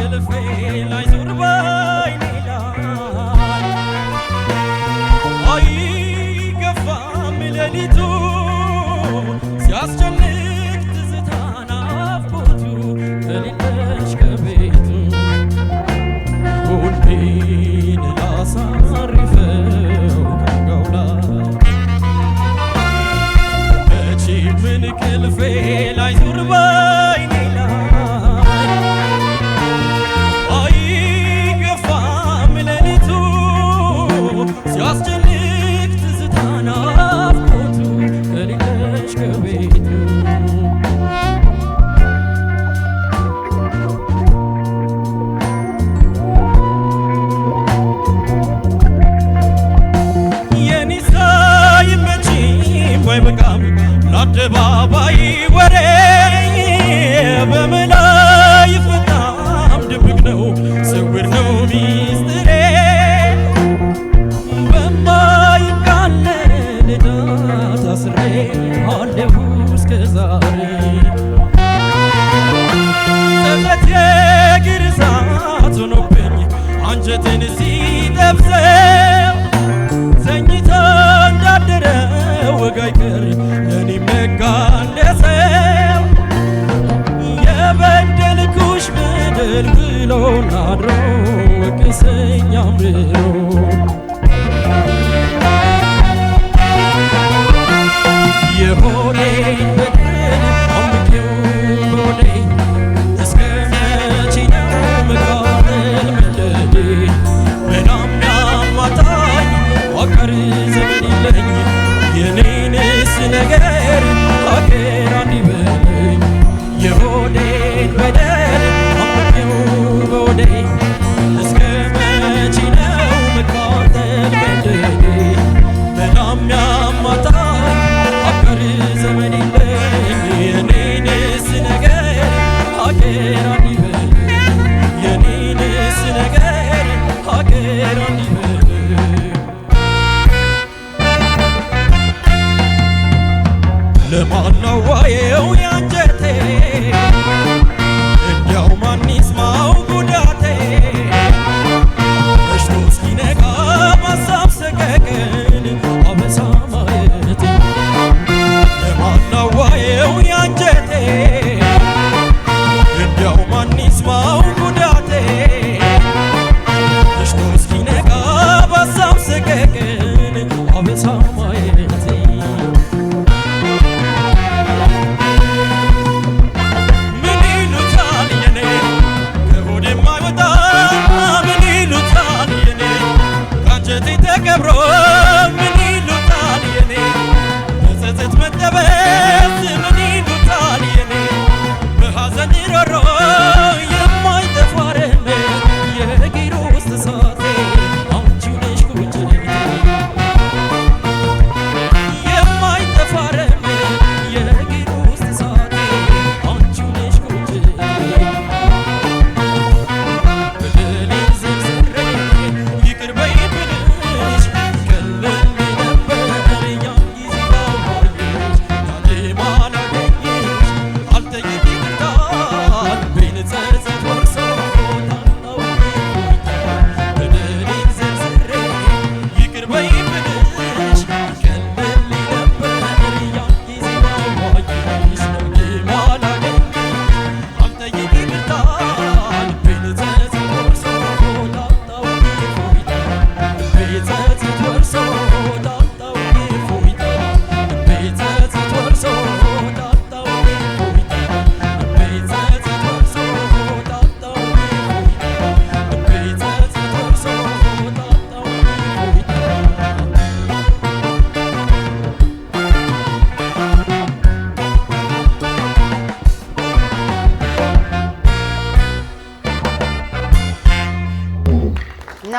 ሰልፌ ላይ ዞርባ እልል ብሎ ናድሮ ወቀሰኝ አምርሮ የሆነኝ በቀል አምቄው ሆነኝ እስከ መቼ የኔንስ ነገር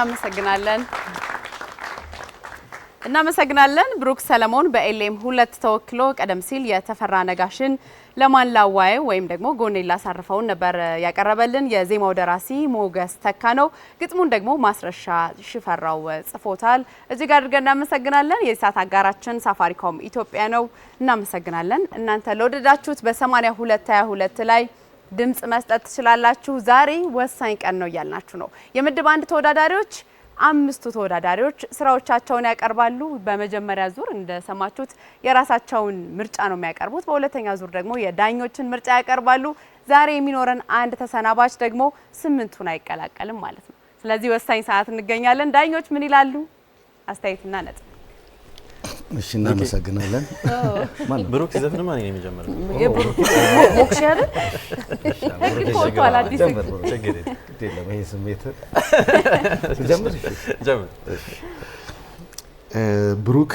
እናመሰግናለን። እናመሰግናለን ብሩክ ሰለሞን በኤልኤም ሁለት ተወክሎ ቀደም ሲል የተፈራ ነጋሽን ለማን ላዋይ ወይም ደግሞ ጎኔ ላሳርፈውን ነበር ያቀረበልን። የዜማው ደራሲ ሞገስ ተካ ነው። ግጥሙን ደግሞ ማስረሻ ሽፈራው ጽፎታል። እጅግ አድርገን እናመሰግናለን። የሰዓት አጋራችን ሳፋሪኮም ኢትዮጵያ ነው። እናመሰግናለን። እናንተ ለወደዳችሁት በ8222 ላይ ድምፅ መስጠት ትችላላችሁ። ዛሬ ወሳኝ ቀን ነው እያልናችሁ ነው። የምድብ አንድ ተወዳዳሪዎች አምስቱ ተወዳዳሪዎች ስራዎቻቸውን ያቀርባሉ። በመጀመሪያ ዙር እንደሰማችሁት የራሳቸውን ምርጫ ነው የሚያቀርቡት። በሁለተኛ ዙር ደግሞ የዳኞችን ምርጫ ያቀርባሉ። ዛሬ የሚኖረን አንድ ተሰናባች ደግሞ ስምንቱን አይቀላቀልም ማለት ነው። ስለዚህ ወሳኝ ሰዓት እንገኛለን። ዳኞች ምን ይላሉ? አስተያየትና ነጥብ እሺ፣ እናመሰግናለን። ብሩክ ሲዘፍንማ ማን ነው የመጀመሪያው። ሞክሽ አይደል? ብሩክ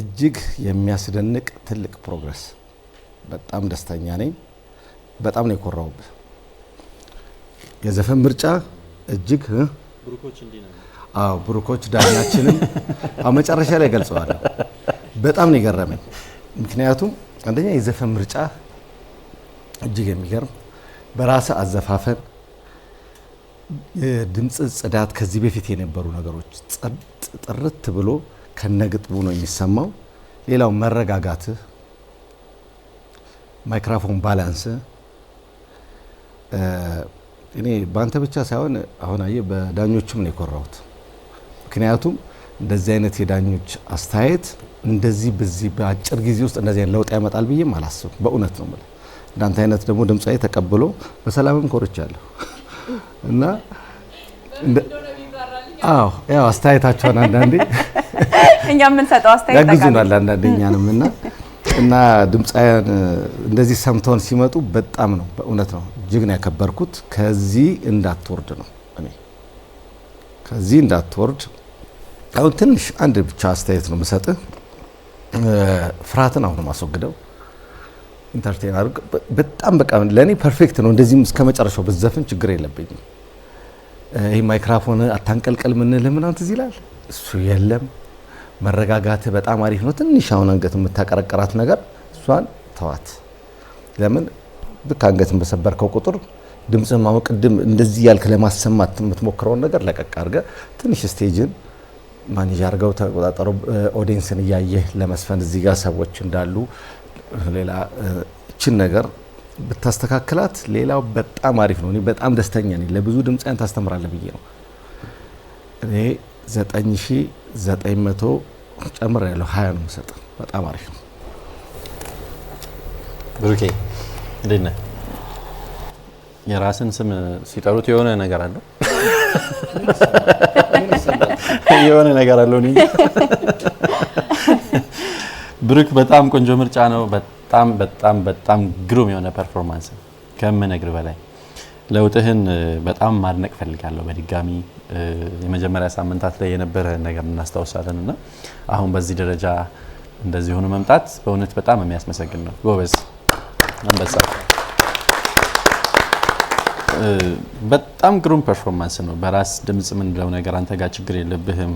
እጅግ የሚያስደንቅ ትልቅ ፕሮግረስ። በጣም ደስተኛ ነኝ። በጣም ነው የኮራውብ። የዘፈን ምርጫ እጅግ ብሩኮች እንዲህ ነው አዎ ብሩኮች ዳኛችንም መጨረሻ ላይ ገልጸዋል። በጣም ነው የገረመኝ። ምክንያቱም አንደኛ የዘፈን ምርጫ እጅግ የሚገርም በራስ አዘፋፈን የድምፅ ጽዳት፣ ከዚህ በፊት የነበሩ ነገሮች ጥርት ብሎ ከነግጥሙ ነው የሚሰማው። ሌላው መረጋጋት ማይክራፎን ባላንስ እኔ በአንተ ብቻ ሳይሆን አሁን አየህ በዳኞቹም ነው የኮራሁት። ምክንያቱም እንደዚህ አይነት የዳኞች አስተያየት እንደዚህ በዚህ በአጭር ጊዜ ውስጥ እንደዚህ አይነት ለውጥ ያመጣል ብዬም አላስብ። በእውነት ነው የምልህ። እንዳንተ አይነት ደግሞ ድምፃዊ ተቀብሎ በሰላምም ኮርቻለሁ እና አዎ ያው አስተያየታቸውን አንዳንዴ እኛ የምንሰጠው አስተያየት ያግዙናል አንዳንዴ እኛንም እና እና ድምፃውያን እንደዚህ ሰምተውን ሲመጡ በጣም ነው በእውነት ነው እጅግ ነው ያከበርኩት። ከዚህ እንዳትወርድ ነው እኔ ከዚህ እንዳትወርድ አሁን ትንሽ አንድ ብቻ አስተያየት ነው የምሰጥህ። ፍርሃትን አሁን ማስወግደው ኢንተርቴን አድርግ። በጣም በቃ ለእኔ ፐርፌክት ነው። እንደዚህም እስከ መጨረሻው በዘፈን ችግር የለብኝም። ይህ ማይክራፎን አታንቀልቀል ምንልህ ምናምን ትዝ ይላል። እሱ የለም። መረጋጋት በጣም አሪፍ ነው። ትንሽ አሁን አንገት የምታቀረቀራት ነገር እሷን ተዋት። ለምን ብክ አንገትን በሰበርከው ቁጥር ድምፅህን ማወቅ ቅድም እንደዚህ ያልክ ለማሰማት የምትሞክረውን ነገር ለቀቅ አድርገህ ትንሽ ስቴጅን ማኔጅ አድርገው ተቆጣጠሩ። ኦዲየንስን እያየህ ለመስፈን እዚህ ጋር ሰዎች እንዳሉ ሌላ እችን ነገር ብታስተካክላት ሌላው በጣም አሪፍ ነው። እኔ በጣም ደስተኛ ነኝ። ለብዙ ድምፃያን ታስተምራለህ ብዬ ነው እኔ ዘጠኝ ሺ ዘጠኝ መቶ ጨምር ያለው ሀያ ነው መሰጠ በጣም አሪፍ ነው። ብሩኬ እንዴት ነህ? የራስን ስም ሲጠሩት የሆነ ነገር አለው። የሆነ ነገር አለው። ብሩክ በጣም ቆንጆ ምርጫ ነው። በጣም በጣም በጣም ግሩም የሆነ ፐርፎርማንስ ከምነግር በላይ ለውጥህን በጣም ማድነቅ ፈልጋለሁ። በድጋሚ የመጀመሪያ ሳምንታት ላይ የነበረ ነገር እናስታውሳለን እና አሁን በዚህ ደረጃ እንደዚህ ሆኖ መምጣት በእውነት በጣም የሚያስመሰግን ነው። ጎበዝ አንበሳ በጣም ግሩም ፐርፎርማንስ ነው። በራስ ድምጽ ምንለው ነገር አንተ ጋር ችግር የለብህም።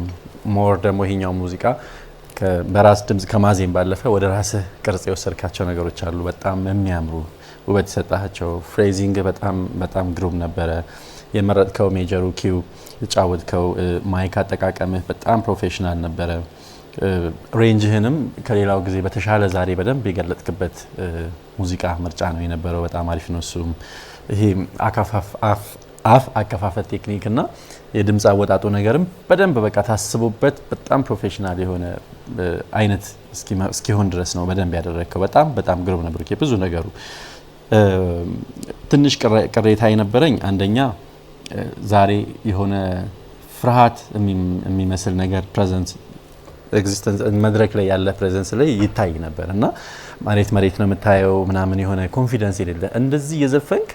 ሞር ደግሞ ይሄኛው ሙዚቃ በራስ ድምጽ ከማዜም ባለፈ ወደ ራስህ ቅርጽ የወሰድካቸው ነገሮች አሉ፣ በጣም የሚያምሩ ውበት የሰጣቸው። ፍሬዚንግ በጣም በጣም ግሩም ነበረ። የመረጥከው ሜጀሩ ኪው፣ የጫወትከው ማይክ አጠቃቀምህ በጣም ፕሮፌሽናል ነበረ። ሬንጅህንም ከሌላው ጊዜ በተሻለ ዛሬ በደንብ የገለጥክበት ሙዚቃ ምርጫ ነው የነበረው። በጣም አሪፍ ነው እሱም ይሄ አፍ አከፋፈት እና የድምፅ አወጣጡ ነገርም በደንብ በቃ ታስቦበት በጣም ፕሮፌሽናል የሆነ አይነት እስኪሆን ድረስ ነው በደንብ ያደረግከው። በጣም በጣም ግሩም ነበር። ብዙ ነገሩ ትንሽ ቅሬታ የነበረኝ አንደኛ ዛሬ የሆነ ፍርሃት የሚመስል ነገር ፕሬዘንስ ኤግዚስተንስ መድረክ ላይ ያለ ፕሬዘንስ ላይ ይታይ ነበር እና መሬት መሬት ነው የምታየው ምናምን የሆነ ኮንፊደንስ የሌለ እንደዚህ የዘፈንክ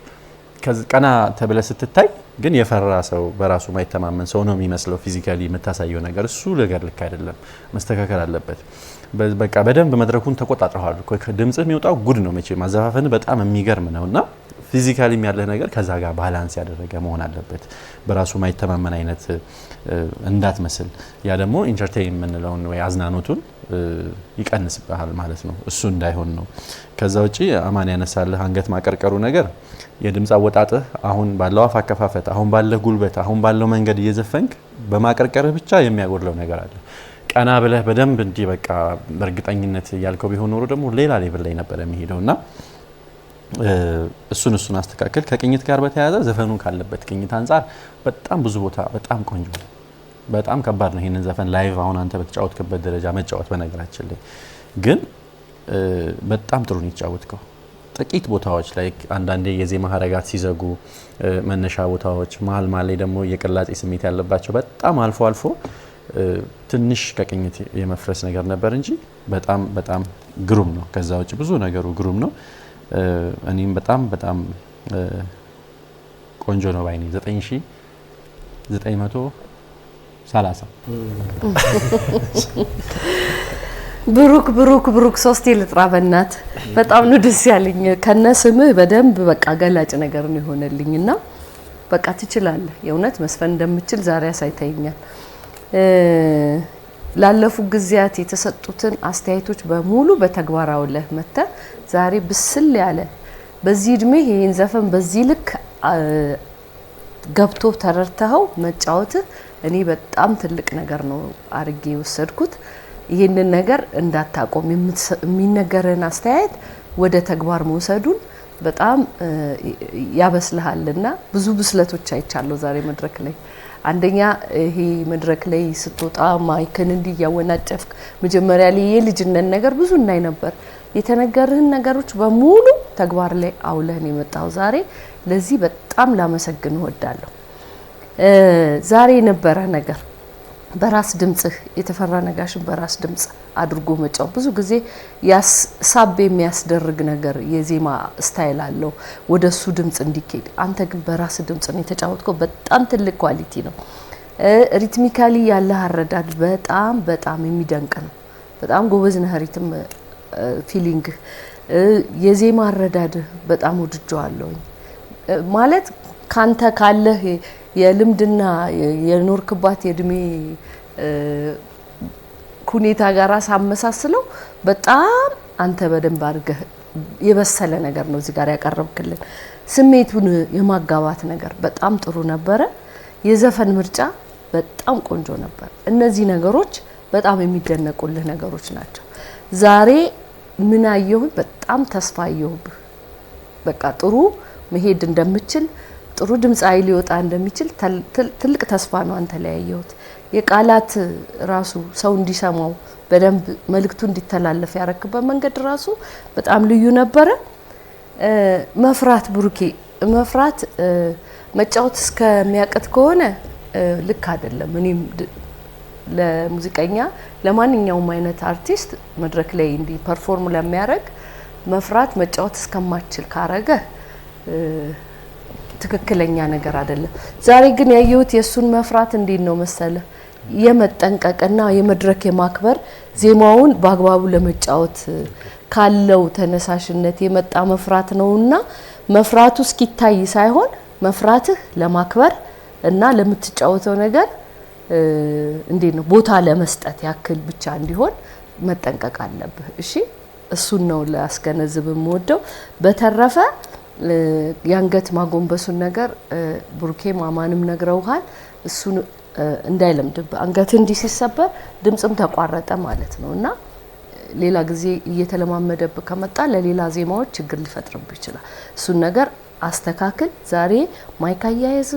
ቀና ተብለ ስትታይ ግን የፈራ ሰው በራሱ ማይተማመን ሰው ነው የሚመስለው። ፊዚካሊ የምታሳየው ነገር እሱ ነገር ልክ አይደለም፣ መስተካከል አለበት። በቃ በደንብ መድረኩን ተቆጣጥረዋል። ድምጽ የሚወጣው ጉድ ነው መቼ ማዘፋፈን በጣም የሚገርም ነው እና ፊዚካሊም ያለህ ነገር ከዛ ጋር ባላንስ ያደረገ መሆን አለበት። በራሱ ማይተማመን አይነት እንዳትመስል። ያ ደግሞ ኢንተርቴይን የምንለውን ወይ አዝናኖቱን ይቀንስብሃል ማለት ነው። እሱ እንዳይሆን ነው። ከዛ ውጪ አማን ያነሳልህ አንገት ማቀርቀሩ ነገር የድምፅ አወጣጥህ አሁን ባለው አፍ አከፋፈት፣ አሁን ባለህ ጉልበት፣ አሁን ባለው መንገድ እየዘፈንክ በማቀርቀርህ ብቻ የሚያጎድለው ነገር አለ። ቀና ብለህ በደንብ እንዲህ በቃ በእርግጠኝነት እያልከው ቢሆን ኖሮ ደግሞ ሌላ ሌቭል ላይ ነበር የሚሄደው እና እሱን እሱን አስተካከል። ከቅኝት ጋር በተያያዘ ዘፈኑ ካለበት ቅኝት አንጻር በጣም ብዙ ቦታ በጣም ቆንጆ በጣም ከባድ ነው ይህንን ዘፈን ላይቭ አሁን አንተ በተጫወትክበት ደረጃ መጫወት። በነገራችን ላይ ግን በጣም ጥሩ ነው የተጫወትከው። ጥቂት ቦታዎች ላይ አንዳንዴ የዜማ ሀረጋት ሲዘጉ መነሻ ቦታዎች፣ መሀል መሀል ላይ ደግሞ የቅላጼ ስሜት ያለባቸው በጣም አልፎ አልፎ ትንሽ ከቅኝት የመፍረስ ነገር ነበር እንጂ በጣም በጣም ግሩም ነው። ከዛ ውጭ ብዙ ነገሩ ግሩም ነው። እኔም በጣም በጣም ቆንጆ ነው ባይ ዘጠኝ ሺ ዘጠኝ መቶ ሰላሳ ብሩክ ብሩክ ብሩክ ሶስት ልጥራ በጣም ነው ደስ ያለኝ። ከነ ስምህ በደንብ በቃ ገላጭ ነገር ነው የሆነልኝና በቃ ትችላለህ። የእውነት መስፈን እንደምችል ዛሬ አሳይተኛል። ላለፉ ጊዜያት የተሰጡትን አስተያየቶች በሙሉ በተግባር አውለህ መተ ዛሬ ብስል ያለ በዚህ እድሜ ይህን ዘፈን በዚህ ልክ ገብቶ ተረድተኸው መጫወትህ እኔ በጣም ትልቅ ነገር ነው አድርጌ የወሰድኩት። ይህንን ነገር እንዳታቆም የሚነገርህን አስተያየት ወደ ተግባር መውሰዱን በጣም ያበስልሃልና ብዙ ብስለቶች አይቻለሁ ዛሬ መድረክ ላይ። አንደኛ ይሄ መድረክ ላይ ስትወጣ ማይክን እንዲህ እያወናጨፍክ መጀመሪያ ላይ የልጅነት ነገር ብዙ እናይ ነበር። የተነገርህን ነገሮች በሙሉ ተግባር ላይ አውለህን የመጣው ዛሬ ለዚህ በጣም ላመሰግን እወዳለሁ። ዛሬ የነበረ ነገር በራስ ድምጽህ የተፈራ ነጋሽን በራስ ድምጽ አድርጎ መጫው ብዙ ጊዜ ሳብ የሚያስደርግ ነገር የዜማ ስታይል አለው፣ ወደ እሱ ድምጽ እንዲኬድ። አንተ ግን በራስ ድምጽ ነው የተጫወትከው። በጣም ትልቅ ኳሊቲ ነው። ሪትሚካሊ ያለህ አረዳድ በጣም በጣም የሚደንቅ ነው። በጣም ጎበዝ ነህ። ሪትም ፊሊንግ፣ የዜማ አረዳድህ በጣም ወድጀዋለሁኝ ማለት ካንተ ካለህ የልምድና የኖርክባት የእድሜ ሁኔታ ጋር ሳመሳስለው በጣም አንተ በደንብ አድርገህ የበሰለ ነገር ነው እዚህ ጋር ያቀረብክልን። ስሜቱን የማጋባት ነገር በጣም ጥሩ ነበረ። የዘፈን ምርጫ በጣም ቆንጆ ነበር። እነዚህ ነገሮች በጣም የሚደነቁልህ ነገሮች ናቸው። ዛሬ ምን አየሁኝ? በጣም ተስፋ አየሁብህ። በቃ ጥሩ መሄድ እንደምችል ጥሩ ድምፃዊ ሊወጣ እንደሚችል ትልቅ ተስፋ ነው አንተ ላይ ያየሁት። የቃላት ራሱ ሰው እንዲሰማው በደንብ መልእክቱ እንዲተላለፍ ያረክበት መንገድ ራሱ በጣም ልዩ ነበረ። መፍራት ብሩኬ መፍራት መጫወት እስከሚያቅት ከሆነ ልክ አይደለም። እኔም ለሙዚቀኛ ለማንኛውም አይነት አርቲስት መድረክ ላይ እንዲ ፐርፎርም ለሚያደርግ መፍራት መጫወት እስከማችል ካረገ ትክክለኛ ነገር አይደለም። ዛሬ ግን ያየሁት የእሱን መፍራት እንዴት ነው መሰለ የመጠንቀቅና የመድረክ የማክበር ዜማውን በአግባቡ ለመጫወት ካለው ተነሳሽነት የመጣ መፍራት ነውና መፍራቱ እስኪታይ ሳይሆን መፍራትህ ለማክበር እና ለምትጫወተው ነገር እንዴት ነው ቦታ ለመስጠት ያክል ብቻ እንዲሆን መጠንቀቅ አለብህ። እሺ፣ እሱን ነው ላስገነዝብ የምወደው። በተረፈ የአንገት ማጎንበሱን ነገር ቡርኬ ማማንም ነግረውሃል። እሱን እንዳይለምድብ አንገት እንዲህ ሲሰበር ድምፅም ተቋረጠ ማለት ነው እና ሌላ ጊዜ እየተለማመደብ ከመጣ ለሌላ ዜማዎች ችግር ሊፈጥርብ ይችላል። እሱን ነገር አስተካክል። ዛሬ ማይክ አያያዝ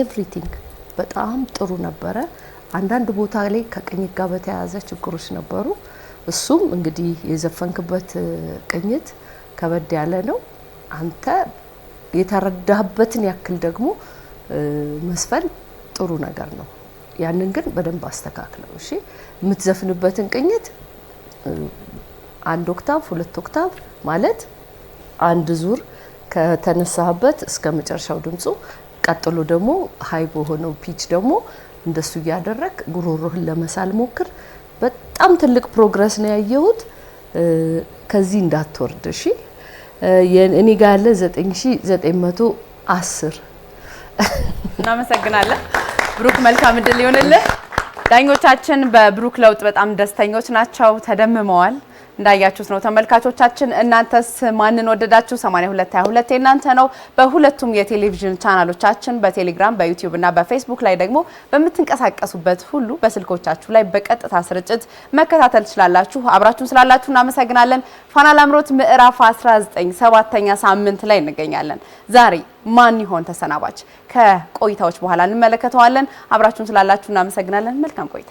ኤቭሪቲንግ በጣም ጥሩ ነበረ። አንዳንድ ቦታ ላይ ከቅኝት ጋር በተያያዘ ችግሮች ነበሩ። እሱም እንግዲህ የዘፈንክበት ቅኝት ከበድ ያለ ነው። አንተ የተረዳህበትን ያክል ደግሞ መስፈን ጥሩ ነገር ነው። ያንን ግን በደንብ አስተካክለው። እሺ የምትዘፍንበትን ቅኝት አንድ ኦክታቭ ሁለት ኦክታቭ ማለት አንድ ዙር ከተነሳህበት እስከ መጨረሻው ድምፁ፣ ቀጥሎ ደግሞ ሀይ በሆነው ፒች ደግሞ እንደሱ እያደረግ ጉሮሮህን ለመሳል ሞክር። በጣም ትልቅ ፕሮግረስ ነው ያየሁት። ከዚህ እንዳትወርድ እሺ። እኔ ጋር ያለ 9910 እናመሰግናለን። ብሩክ መልካም እድል ይሆንልህ። ዳኞቻችን በብሩክ ለውጥ በጣም ደስተኞች ናቸው፣ ተደምመዋል። እንዳያችሁት ነው ተመልካቾቻችን። እናንተስ ማንን ወደዳችሁ? 8222 የእናንተ ነው። በሁለቱም የቴሌቪዥን ቻናሎቻችን በቴሌግራም በዩቲዩብ እና በፌስቡክ ላይ ደግሞ በምትንቀሳቀሱበት ሁሉ በስልኮቻችሁ ላይ በቀጥታ ስርጭት መከታተል ትችላላችሁ። አብራችሁን ስላላችሁ እናመሰግናለን። ፋና ላምሮት ምዕራፍ 19 ሰባተኛ ሳምንት ላይ እንገኛለን። ዛሬ ማን ይሆን ተሰናባች? ከቆይታዎች በኋላ እንመለከተዋለን። አብራችሁን ስላላችሁ እናመሰግናለን። መልካም ቆይታ